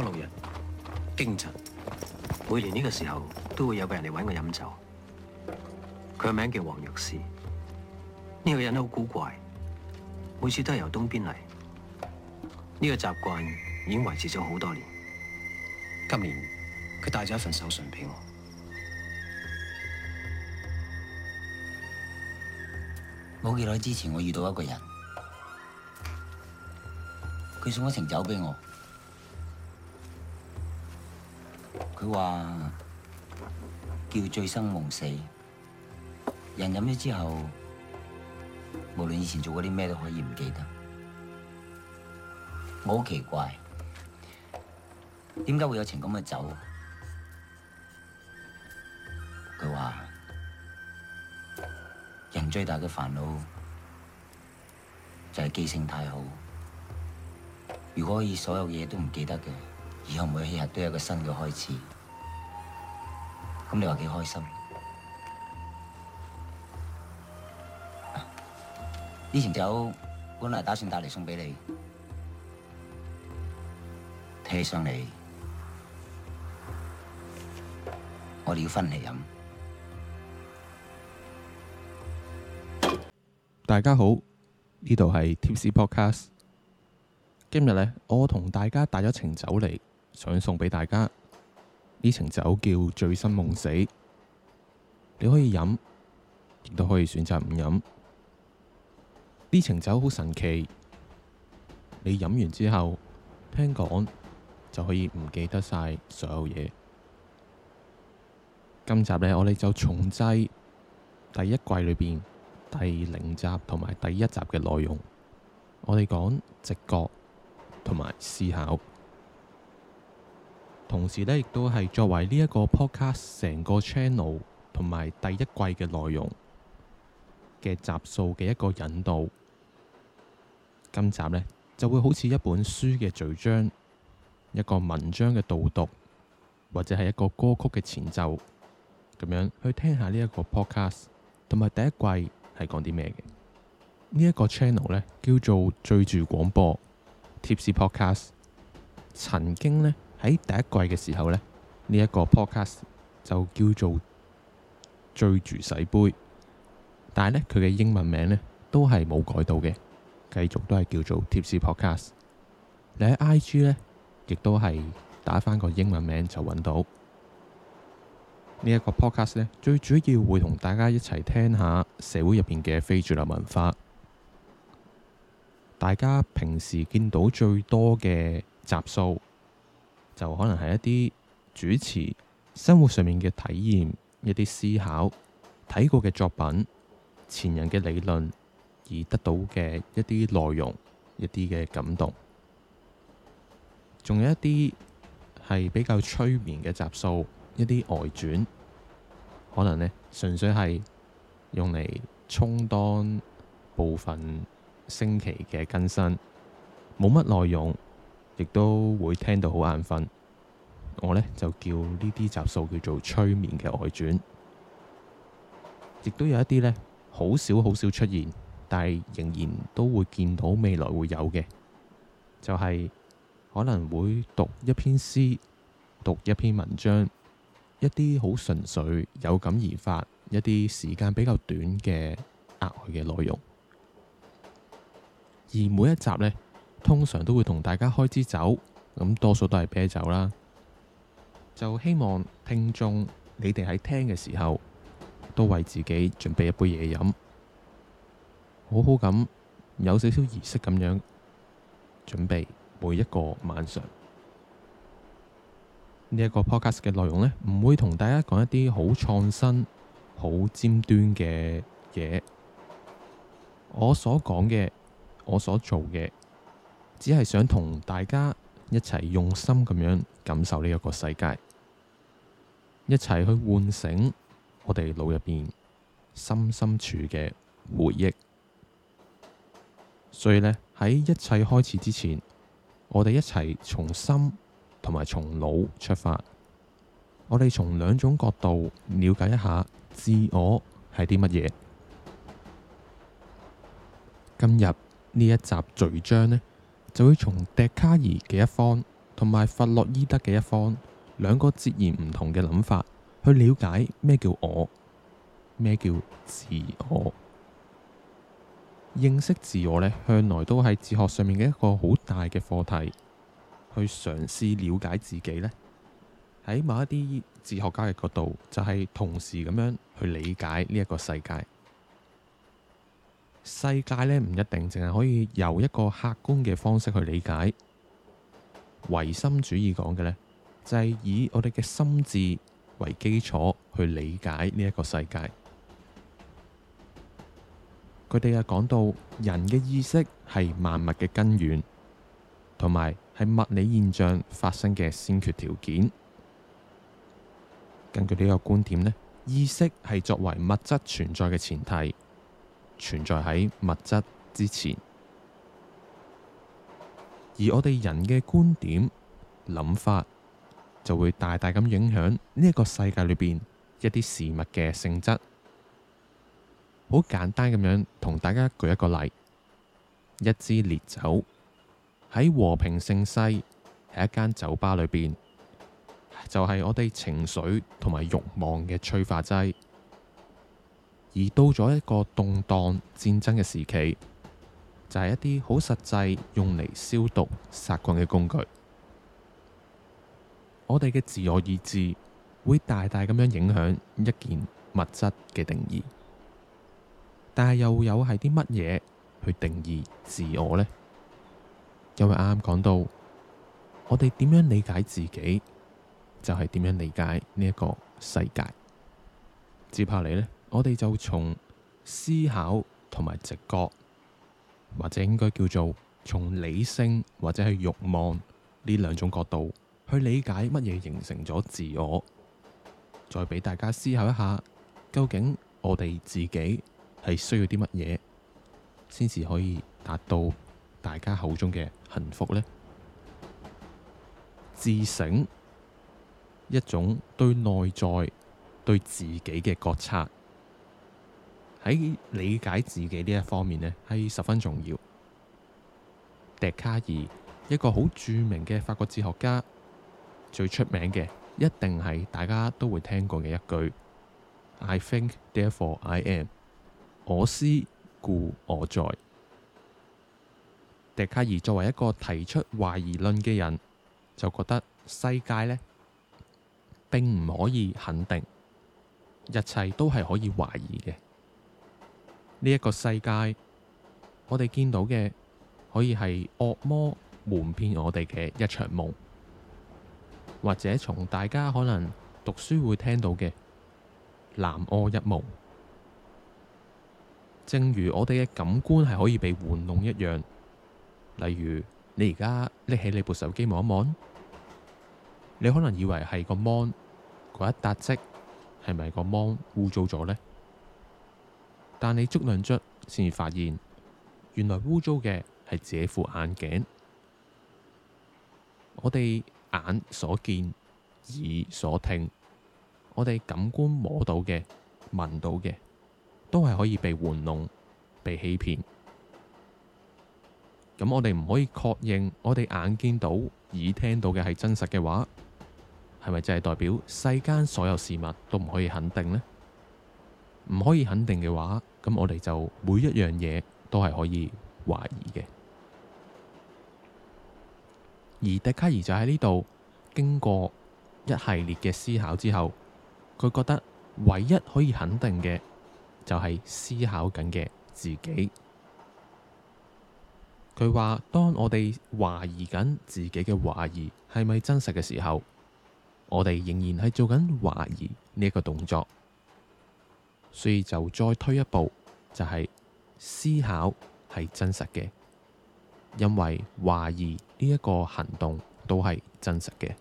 過六日，驚震。每年呢個時候都會有個人嚟搵我飲酒。佢個名叫黃玉詩。呢個人都好古怪，每次都係由東邊嚟。呢個習慣已經維持咗好多年。今年佢帶咗一份手信俾我。冇幾耐之前，我遇到一個人，佢送咗程酒俾我。佢話叫醉生夢死，人飲咗之後，無論以前做過啲咩都可以唔記得。我好奇怪，點解會有情咁嘅酒？佢話人最大嘅煩惱就係記性太好，如果可以所有嘢都唔記得嘅。以後每一日都有一個新嘅開始，咁你話幾開心？呢瓶酒本來打算帶嚟送俾你，睇上嚟，我哋要分嚟飲。大家好，呢度係 Tipsy Podcast，今日呢，我同大家帶咗程酒嚟。想送畀大家呢程酒叫醉生夢死，你可以飲，亦都可以選擇唔飲。呢程酒好神奇，你飲完之後，聽講就可以唔記得晒所有嘢。今集呢，我哋就重製第一季裏邊第零集同埋第一集嘅內容，我哋講直覺同埋思考。同時咧，亦都係作為呢一個 podcast 成個 channel 同埋第一季嘅內容嘅集數嘅一個引導。今集呢，就會好似一本書嘅序章，一個文章嘅導讀，或者係一個歌曲嘅前奏咁樣去聽下呢一個 podcast 同埋第一季係講啲咩嘅。呢一個 channel 呢，叫做醉住廣播 Tipsy Podcast，曾經呢。喺第一季嘅時候呢，呢一個 podcast 就叫做醉住洗杯，但係呢，佢嘅英文名呢都係冇改到嘅，繼續都係叫做 tipsy podcast。你喺 IG 呢，亦都係打翻個英文名就揾到呢一個 podcast 呢，最主要會同大家一齊聽下社會入邊嘅非主流文化，大家平時見到最多嘅集數。就可能係一啲主持生活上面嘅體驗，一啲思考，睇過嘅作品，前人嘅理論而得到嘅一啲內容，一啲嘅感動。仲有一啲係比較催眠嘅集數，一啲外傳，可能呢純粹係用嚟充當部分星期嘅更新，冇乜內容。亦都會聽到好眼瞓，我呢就叫呢啲集數叫做催眠嘅外傳。亦都有一啲呢好少好少出現，但係仍然都會見到未來會有嘅，就係可能會讀一篇詩，讀一篇文章，一啲好純粹有感而發，一啲時間比較短嘅額外嘅內容。而每一集呢，通常都會同大家開支酒，咁多數都係啤酒啦。就希望聽眾你哋喺聽嘅時候，都為自己準備一杯嘢飲，好好咁有少少儀式咁樣準備每一個晚上呢一個 podcast 嘅內容呢，唔會同大家講一啲好創新、好尖端嘅嘢。我所講嘅，我所做嘅。只係想同大家一齊用心咁樣感受呢一個世界，一齊去喚醒我哋腦入邊深深處嘅回憶。所以呢，喺一切開始之前，我哋一齊從心同埋從腦出發，我哋從兩種角度了解一下自我係啲乜嘢。今日呢一集序章呢。就會從笛卡爾嘅一方，同埋弗洛伊德嘅一方，兩個截然唔同嘅諗法，去了解咩叫我，咩叫自我。認識自我呢，向來都係哲學上面嘅一個好大嘅課題，去嘗試了解自己呢，喺某一啲哲學家嘅角度，就係同時咁樣去理解呢一個世界。世界呢，唔一定淨係可以由一個客觀嘅方式去理解。唯心主義講嘅呢，就係、是、以我哋嘅心智為基礎去理解呢一個世界。佢哋又講到，人嘅意識係萬物嘅根源，同埋係物理現象發生嘅先決條件。根據呢個觀點呢，意識係作為物質存在嘅前提。存在喺物質之前，而我哋人嘅觀點、諗法，就會大大咁影響呢一個世界裏邊一啲事物嘅性質。好簡單咁樣同大家舉一個例：一支烈酒喺和平盛世喺一間酒吧裏邊，就係我哋情緒同埋欲望嘅催化劑。而到咗一個動盪戰爭嘅時期，就係一啲好實際用嚟消毒殺菌嘅工具。我哋嘅自我意志會大大咁樣影響一件物質嘅定義，但係又有係啲乜嘢去定義自我呢？因為啱啱講到，我哋點樣理解自己，就係點樣理解呢一個世界。接下嚟呢。我哋就從思考同埋直覺，或者應該叫做從理性或者係欲望呢兩種角度去理解乜嘢形成咗自我，再俾大家思考一下，究竟我哋自己係需要啲乜嘢，先至可以達到大家口中嘅幸福呢？自省一種對內在、對自己嘅覺察。喺理解自己呢一方面呢，係十分重要。笛卡爾，一個好著名嘅法國哲學家，最出名嘅一定係大家都會聽過嘅一句：I think, therefore I am。我思故我在。笛卡爾作為一個提出懷疑論嘅人，就覺得世界呢並唔可以肯定，一切都係可以懷疑嘅。呢一個世界，我哋見到嘅可以係惡魔瞞騙我哋嘅一場夢，或者從大家可能讀書會聽到嘅南柯一夢，正如我哋嘅感官係可以被玩弄一樣。例如，你而家拎起你部手機望一望，你可能以為係個芒嗰一笪積，係咪個芒污糟咗呢？但你捉兩着，先至發現，原來污糟嘅係這副眼鏡。我哋眼所見，耳所聽，我哋感官摸到嘅、聞到嘅，都係可以被玩弄、被欺騙。咁我哋唔可以確認我哋眼見到、耳聽到嘅係真實嘅話，係咪就係代表世間所有事物都唔可以肯定呢？唔可以肯定嘅話，咁我哋就每一樣嘢都係可以懷疑嘅。而笛卡兒就喺呢度經過一系列嘅思考之後，佢覺得唯一可以肯定嘅就係思考緊嘅自己。佢話：當我哋懷疑緊自己嘅懷疑係咪真實嘅時候，我哋仍然係做緊懷疑呢一個動作。所以就再推一步，就係、是、思考係真實嘅，因為懷疑呢一個行動都係真實嘅。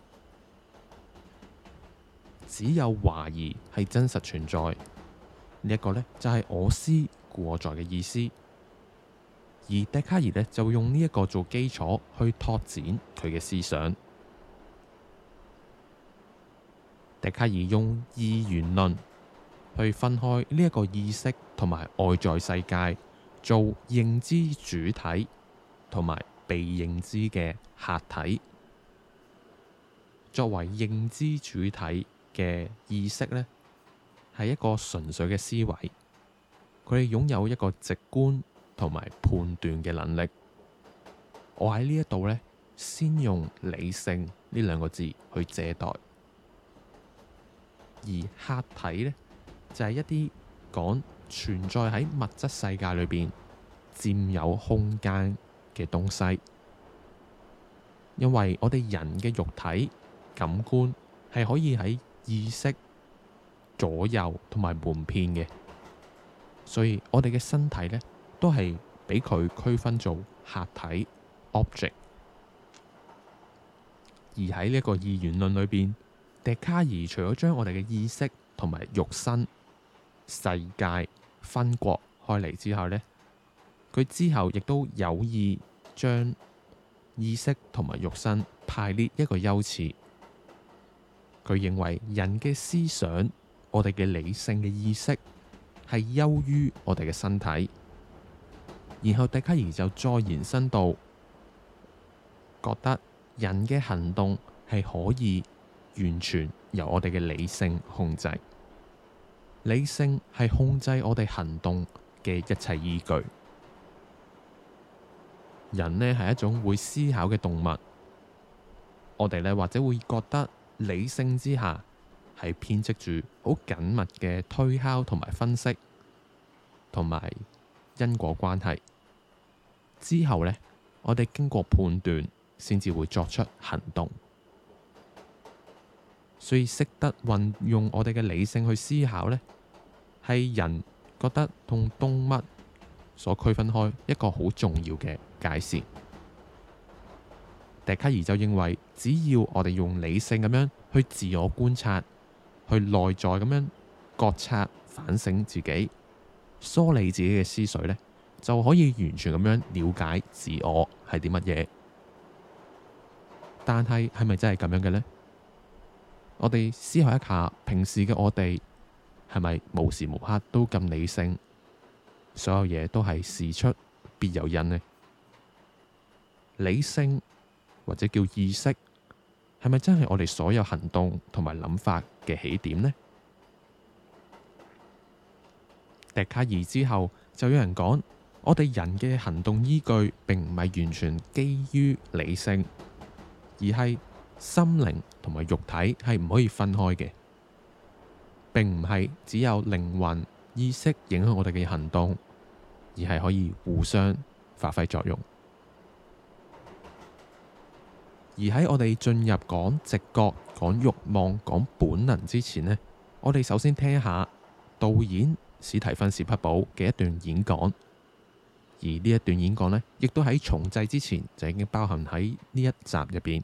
只有懷疑係真實存在、這個、呢一個咧，就係、是、我思故我在嘅意思。而笛卡爾呢，就用呢一個做基礎去拓展佢嘅思想。笛卡爾用二元論。去分開呢一個意識同埋外在世界，做認知主體同埋被認知嘅客體。作為認知主體嘅意識呢，係一個純粹嘅思維，佢哋擁有一個直觀同埋判斷嘅能力。我喺呢一度呢，先用理性呢兩個字去借代，而客體呢。就係一啲講存在喺物質世界裏邊占有空間嘅東西，因為我哋人嘅肉體感官係可以喺意識左右同埋瞞騙嘅，所以我哋嘅身體呢都係俾佢區分做客體 object。而喺呢一個二元論裏邊，笛卡爾除咗將我哋嘅意識同埋肉身世界分國開嚟之後呢，佢之後亦都有意將意識同埋肉身排列一個優次。佢認為人嘅思想，我哋嘅理性嘅意識係優於我哋嘅身體。然後笛卡爾就再延伸到，覺得人嘅行動係可以。完全由我哋嘅理性控制，理性係控制我哋行動嘅一切依據。人呢，係一種會思考嘅動物，我哋呢，或者會覺得理性之下係編織住好緊密嘅推敲同埋分析，同埋因果關係。之後呢，我哋經過判斷先至會作出行動。最識得運用我哋嘅理性去思考呢，係人覺得同動物所區分開一個好重要嘅界線。笛卡兒就認為，只要我哋用理性咁樣去自我觀察，去內在咁樣覺察反省自己，梳理自己嘅思緒呢，就可以完全咁樣了解自我係啲乜嘢。但係係咪真係咁樣嘅呢？我哋思考一下，平時嘅我哋係咪無時無刻都咁理性？所有嘢都係事出必有因呢？理性或者叫意識，係咪真係我哋所有行動同埋諗法嘅起點呢？笛卡兒之後就有人講，我哋人嘅行動依據並唔係完全基於理性，而係。心靈同埋肉體係唔可以分開嘅，並唔係只有靈魂意識影響我哋嘅行動，而係可以互相發揮作用。 而喺我哋進入講直覺、講欲望、講本能之前呢，我哋首先聽一下導演史提芬·史匹堡嘅一段演講。而呢一段演講呢，亦都喺重製之前就已經包含喺呢一集入邊。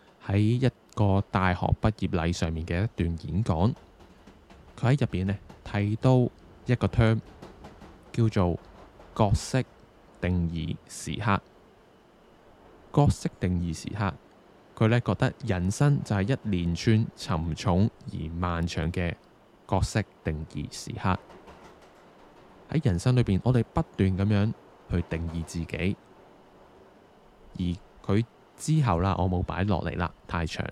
喺一個大學畢業禮上面嘅一段演講，佢喺入邊呢睇到一個 term，叫做角色定義時刻。角色定義時刻，佢呢覺得人生就係一連串沉重而漫長嘅角色定義時刻。喺人生裏邊，我哋不斷咁樣去定義自己，而佢。之後啦，我冇擺落嚟啦，太長。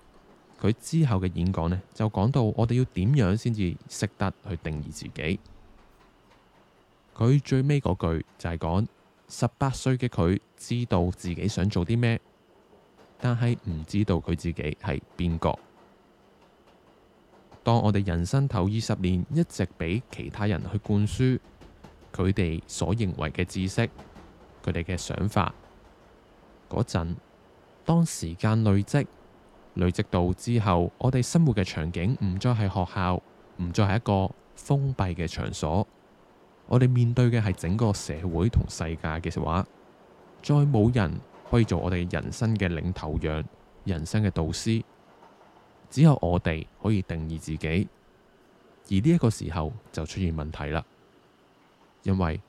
佢之後嘅演講呢，就講到我哋要點樣先至識得去定義自己。佢最尾嗰句就係講：十八歲嘅佢知道自己想做啲咩，但係唔知道佢自己係邊個。當我哋人生頭二十年一直俾其他人去灌輸佢哋所認為嘅知識、佢哋嘅想法嗰陣。當時間累積累積到之後，我哋生活嘅場景唔再係學校，唔再係一個封閉嘅場所，我哋面對嘅係整個社會同世界嘅話，再冇人可以做我哋人生嘅領頭羊、人生嘅導師，只有我哋可以定義自己。而呢一個時候就出現問題啦，因為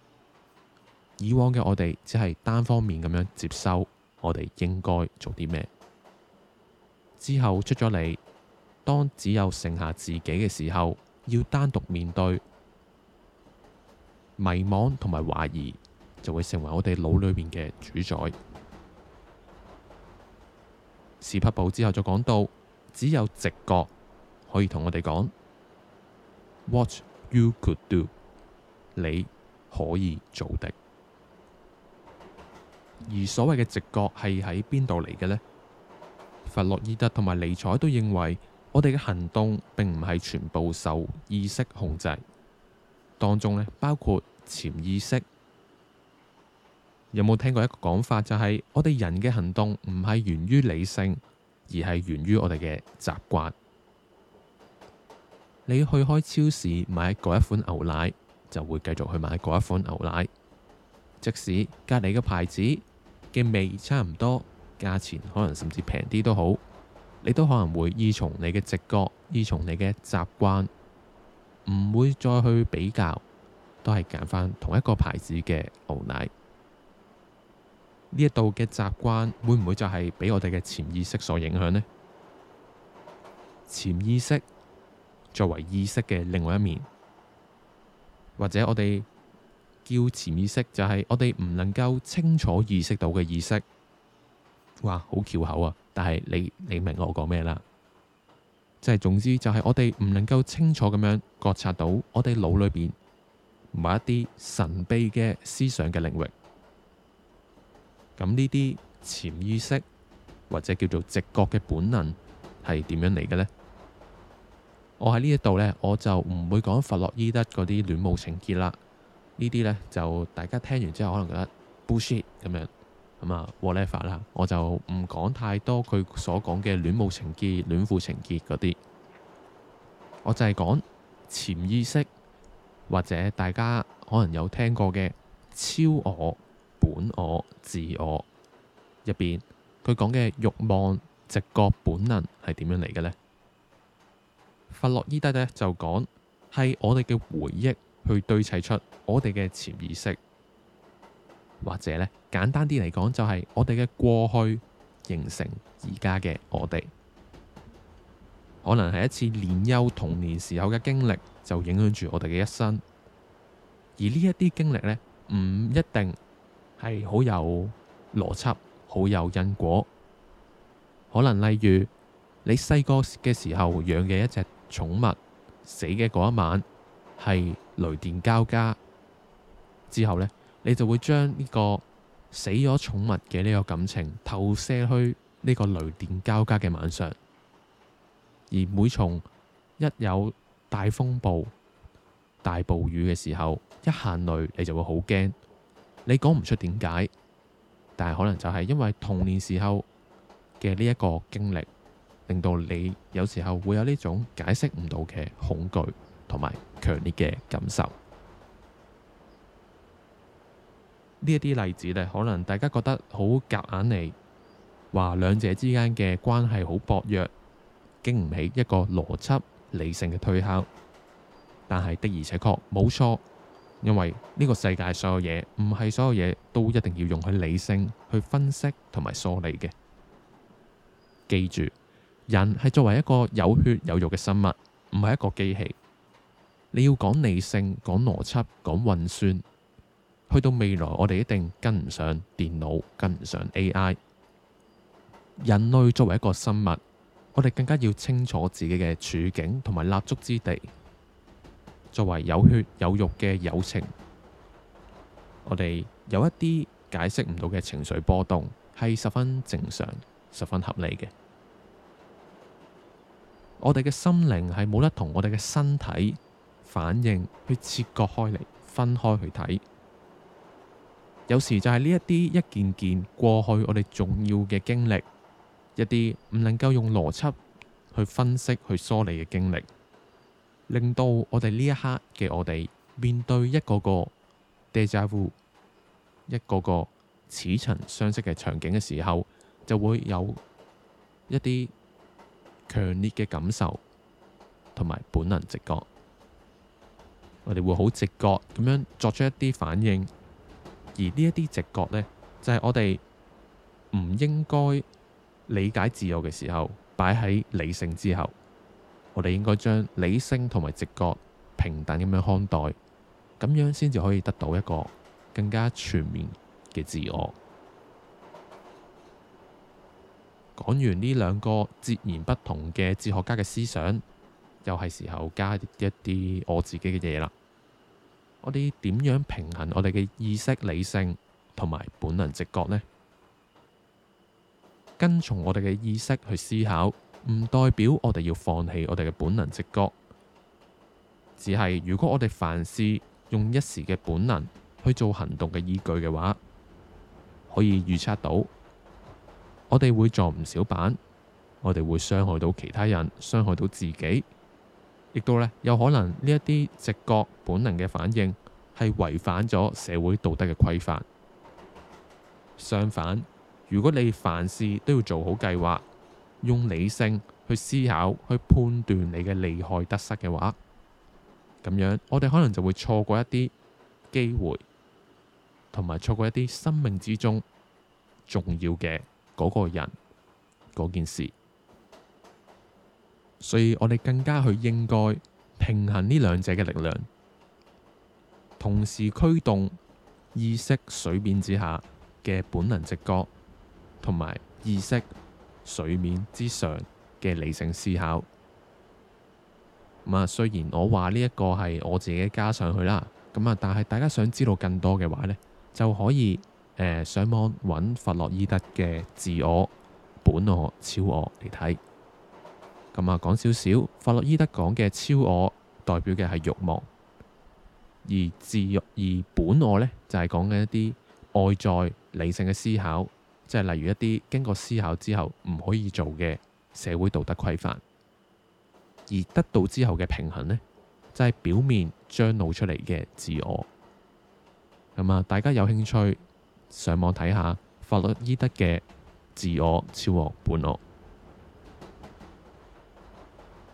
以往嘅我哋只係單方面咁樣接收。我哋應該做啲咩？之後出咗嚟，當只有剩下自己嘅時候，要單獨面對迷茫同埋懷疑，就會成為我哋腦裏面嘅主宰。史匹堡之後就講到，只有直覺可以同我哋講：What you could do，你可以做的。而所謂嘅直覺係喺邊度嚟嘅呢？弗洛伊德同埋尼采都認為，我哋嘅行動並唔係全部受意識控制，當中呢包括潛意識。有冇聽過一個講法，就是，就係我哋人嘅行動唔係源於理性，而係源於我哋嘅習慣。你去開超市買嗰一款牛奶，就會繼續去買嗰一款牛奶，即使隔籬嘅牌子，嘅味差唔多，價錢可能甚至平啲都好，你都可能會依從你嘅直覺，依從你嘅習慣，唔會再去比較，都係揀翻同一個牌子嘅牛奶。呢一度嘅習慣會唔會就係俾我哋嘅潛意識所影響呢？潛意識作為意識嘅另外一面，或者我哋。叫潛意識，就係我哋唔能夠清楚意識到嘅意識。哇，好翹口啊！但係你你明我講咩啦？即係總之就係我哋唔能夠清楚咁樣覺察到我哋腦裏邊某一啲神秘嘅思想嘅領域。咁呢啲潛意識或者叫做直覺嘅本能係點樣嚟嘅呢？我喺呢一度呢，我就唔會講弗洛伊德嗰啲戀母情結啦。呢啲呢，就大家聽完之後可能覺得 bullshit 咁樣咁啊 what the f 啦，whatever, 我就唔講太多佢所講嘅戀母情結、戀父情結嗰啲，我就係講潛意識或者大家可能有聽過嘅超我、本我、自我入邊，佢講嘅慾望直覺本能係點樣嚟嘅呢？佛洛依德呢，就講係我哋嘅回憶。去堆砌出我哋嘅潛意識，或者呢簡單啲嚟講，就係我哋嘅過去形成而家嘅我哋，可能係一次年幼童年時候嘅經歷，就影響住我哋嘅一生。而呢一啲經歷呢，唔一定係好有邏輯，好有因果。可能例如你細個嘅時候養嘅一隻寵物死嘅嗰一晚係。雷電交加之後呢，你就會將呢個死咗寵物嘅呢個感情投射去呢個雷電交加嘅晚上。而每從一有大風暴、大暴雨嘅時候，一行雷，你就會好驚。你講唔出點解，但係可能就係因為童年時候嘅呢一個經歷，令到你有時候會有呢種解釋唔到嘅恐懼同埋。強烈嘅感受，呢一啲例子呢，可能大家覺得好夾硬，你話兩者之間嘅關係好薄弱，經唔起一個邏輯理性嘅推敲。但係的而且確冇錯，因為呢個世界所有嘢唔係所有嘢都一定要用去理性去分析同埋梳理嘅。記住，人係作為一個有血有肉嘅生物，唔係一個機器。你要講理性、講邏輯、講運算，去到未來我哋一定跟唔上電腦，跟唔上 AI。人類作為一個生物，我哋更加要清楚自己嘅處境同埋立足之地。作為有血有肉嘅友情，我哋有一啲解釋唔到嘅情緒波動，係十分正常、十分合理嘅。我哋嘅心靈係冇得同我哋嘅身體反應去切割開嚟，分開去睇。有時就係呢一啲一件件過去我哋重要嘅經歷，一啲唔能夠用邏輯去分析去梳理嘅經歷，令到我哋呢一刻嘅我哋面對一個個 dejavu，一個個似曾相識嘅場景嘅時候，就會有一啲強烈嘅感受同埋本能直覺。我哋會好直覺咁樣作出一啲反應，而呢一啲直覺呢，就係我哋唔應該理解自我嘅時候，擺喺理性之後，我哋應該將理性同埋直覺平等咁樣看待，咁樣先至可以得到一個更加全面嘅自我。講完呢兩個截然不同嘅哲學家嘅思想。又係時候加一啲我自己嘅嘢啦。我哋點樣平衡我哋嘅意識、理性同埋本能直覺呢？跟從我哋嘅意識去思考，唔代表我哋要放棄我哋嘅本能直覺。只係如果我哋凡事用一時嘅本能去做行動嘅依據嘅話，可以預測到我哋會撞唔少板，我哋會傷害到其他人，傷害到自己。亦都咧有可能呢一啲直覺本能嘅反應係違反咗社會道德嘅規範。相反，如果你凡事都要做好計劃，用理性去思考、去判斷你嘅利害得失嘅話，咁樣我哋可能就會錯過一啲機會，同埋錯過一啲生命之中重要嘅嗰個人、嗰件事。所以我哋更加去應該平衡呢兩者嘅力量，同時驅動意識水面之下嘅本能直覺同埋意識水面之上嘅理性思考。咁啊，雖然我話呢一個係我自己加上去啦，咁啊，但係大家想知道更多嘅話，呢就可以上網揾佛洛依德嘅自我、本我、超我嚟睇。咁啊，講少少，佛洛依德講嘅超我代表嘅係慾望，而自慾而本我呢，就係講緊一啲外在理性嘅思考，即係例如一啲經過思考之後唔可以做嘅社會道德規範，而得到之後嘅平衡呢，就係、是、表面將露出嚟嘅自我。咁、嗯、啊，大家有興趣上網睇下佛洛依德嘅自我、超我、本我。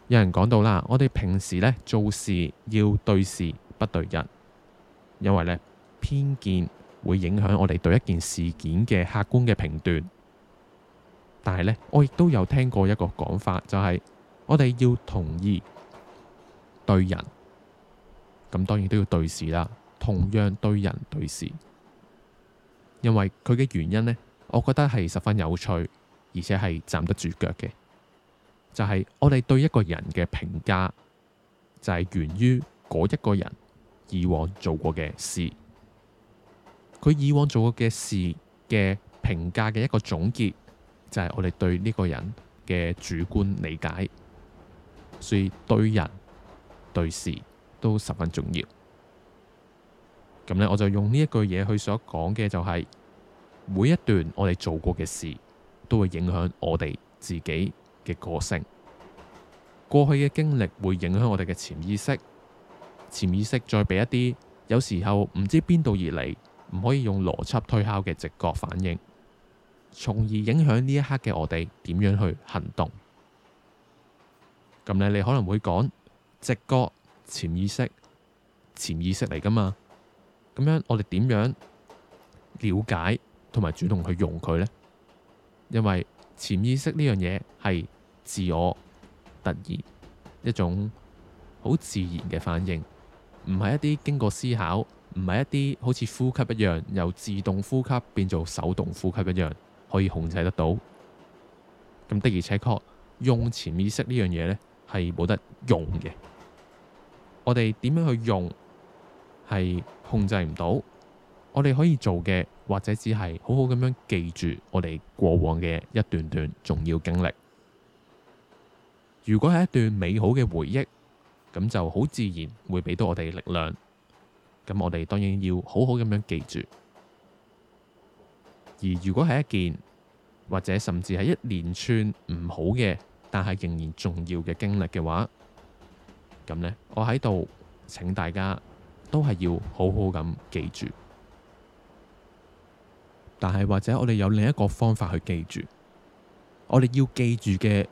有人講到啦，我哋平時咧做事要對事不對人，因為咧偏見會影響我哋對一件事件嘅客觀嘅評斷。但係咧，我亦都有聽過一個講法，就係、是、我哋要同意對人，咁當然都要對事啦。同樣對人對事，因為佢嘅原因呢，我覺得係十分有趣，而且係站得住腳嘅。就係我哋對一個人嘅評價，就係、是、源於嗰一個人以往做過嘅事。佢以往做過嘅事嘅評價嘅一個總結，就係、是、我哋對呢個人嘅主觀理解。所以對人對事都十分重要。咁咧，我就用呢一句嘢去所講嘅就係、是、每一段我哋做過嘅事都會影響我哋自己。嘅個性，過去嘅經歷會影響我哋嘅潛意識，潛意識再俾一啲、有時候唔知邊度而嚟、唔可以用邏輯推敲嘅直覺反應，從而影響呢一刻嘅我哋點樣去行動。咁咧，你可能會講，直覺、潛意識、潛意識嚟㗎嘛？咁樣我哋點樣了解同埋主動去用佢呢？因為潛意識呢樣嘢係。自我突然一種好自然嘅反應，唔係一啲經過思考，唔係一啲好似呼吸一樣由自動呼吸變做手動呼吸一樣可以控制得到。咁的而且確用潛意識呢樣嘢咧，係冇得用嘅。我哋點樣去用，係控制唔到，我哋可以做嘅，或者只係好好咁樣記住我哋過往嘅一段段重要經歷。如果係一段美好嘅回憶，咁就好自然會俾到我哋力量。咁我哋當然要好好咁樣記住。而如果係一件或者甚至係一連串唔好嘅，但係仍然重要嘅經歷嘅話，咁呢，我喺度請大家都係要好好咁記住。但係或者我哋有另一個方法去記住，我哋要記住嘅。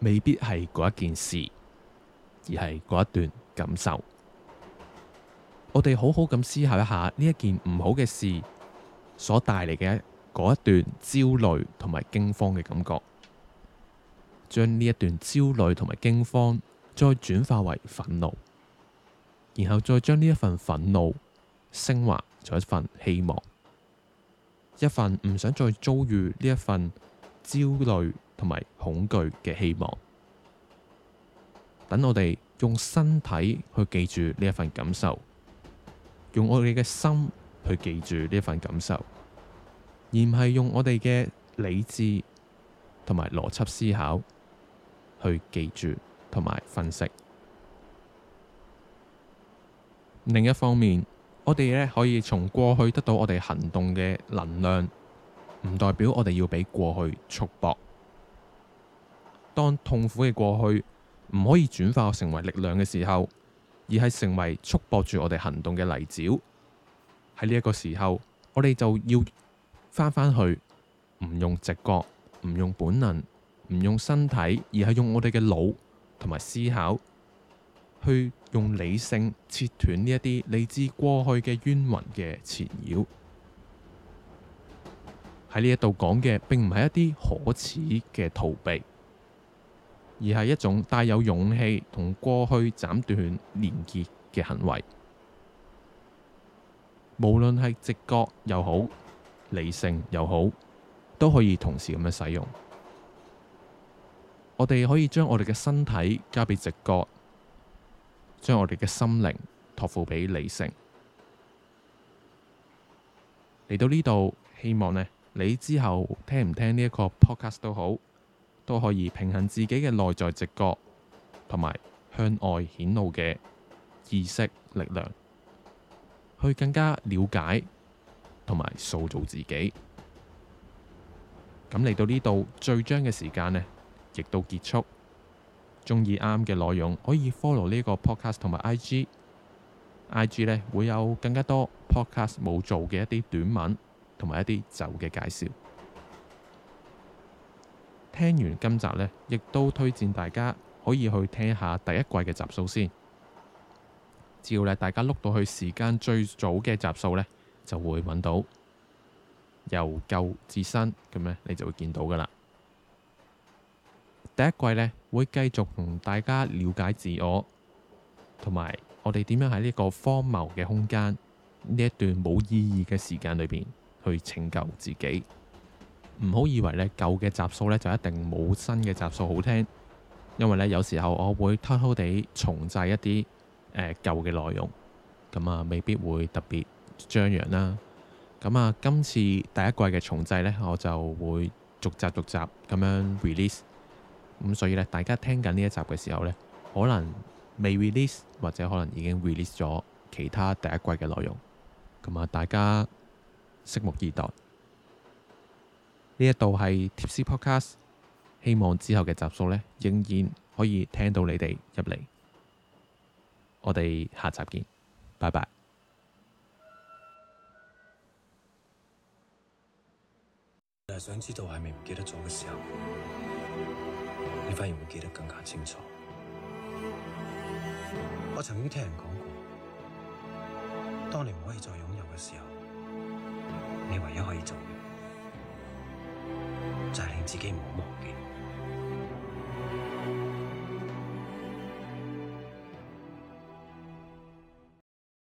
未必係嗰一件事，而係嗰一段感受。我哋好好咁思考一下呢一件唔好嘅事所帶嚟嘅嗰一段焦慮同埋驚慌嘅感覺，將呢一段焦慮同埋驚慌再轉化為憤怒，然後再將呢一份憤怒升華做一份希望，一份唔想再遭遇呢一份焦慮。同埋恐懼嘅希望，等我哋用身體去記住呢一份感受，用我哋嘅心去記住呢一份感受，而唔係用我哋嘅理智同埋邏輯思考去記住同埋分析。另一方面，我哋呢可以從過去得到我哋行動嘅能量，唔代表我哋要俾過去束縛。當痛苦嘅過去唔可以轉化成為力量嘅時候，而係成為束縛住我哋行動嘅泥沼，喺呢一個時候，我哋就要返返去，唔用直覺，唔用本能，唔用身體，而係用我哋嘅腦同埋思考，去用理性切斷呢一啲嚟自過去嘅冤魂嘅纏繞。喺呢一度講嘅，並唔係一啲可恥嘅逃避。而係一種帶有勇氣同過去斬斷連結嘅行為，無論係直覺又好，理性又好，都可以同時咁樣使用。我哋可以將我哋嘅身體交俾直覺，將我哋嘅心靈託付俾理性。嚟到呢度，希望呢，你之後聽唔聽呢一個 podcast 都好。都可以平衡自己嘅內在直覺，同埋向外顯露嘅意識力量，去更加了解同埋塑造自己。咁嚟到呢度序章嘅時間呢，亦都結束。鍾意啱嘅內容可以 follow 呢個 podcast 同埋 IG，IG 呢會有更加多 podcast 冇做嘅一啲短文，同埋一啲酒嘅介紹。聽完今集呢，亦都推薦大家可以去聽下第一季嘅集數先。只要大家碌到去時間最早嘅集數呢，就會揾到由舊至新咁咧，你就會見到噶啦。第一季呢，會繼續同大家了解自我，同埋我哋點樣喺呢個荒謬嘅空間，呢一段冇意義嘅時間裏邊去拯救自己。唔好以為咧舊嘅集數咧就一定冇新嘅集數好聽，因為咧有時候我會偷偷地重製一啲誒、呃、舊嘅內容，咁啊未必會特別張揚啦。咁啊，今次第一季嘅重製呢，我就會逐集逐集咁樣 release。咁所以咧，大家聽緊呢一集嘅時候呢，可能未 release，或者可能已經 release 咗其他第一季嘅內容。咁啊，大家拭目以待。呢一度係 tipsy podcast，希望之後嘅集數呢仍然可以聽到你哋入嚟。我哋下集見，拜拜。原來想知道係咪唔記得咗嘅時候，你反而會記得更加清楚。 我曾經聽人講過，當你唔可以再擁有嘅時候，你唯一可以做。就係令自己唔好忘記。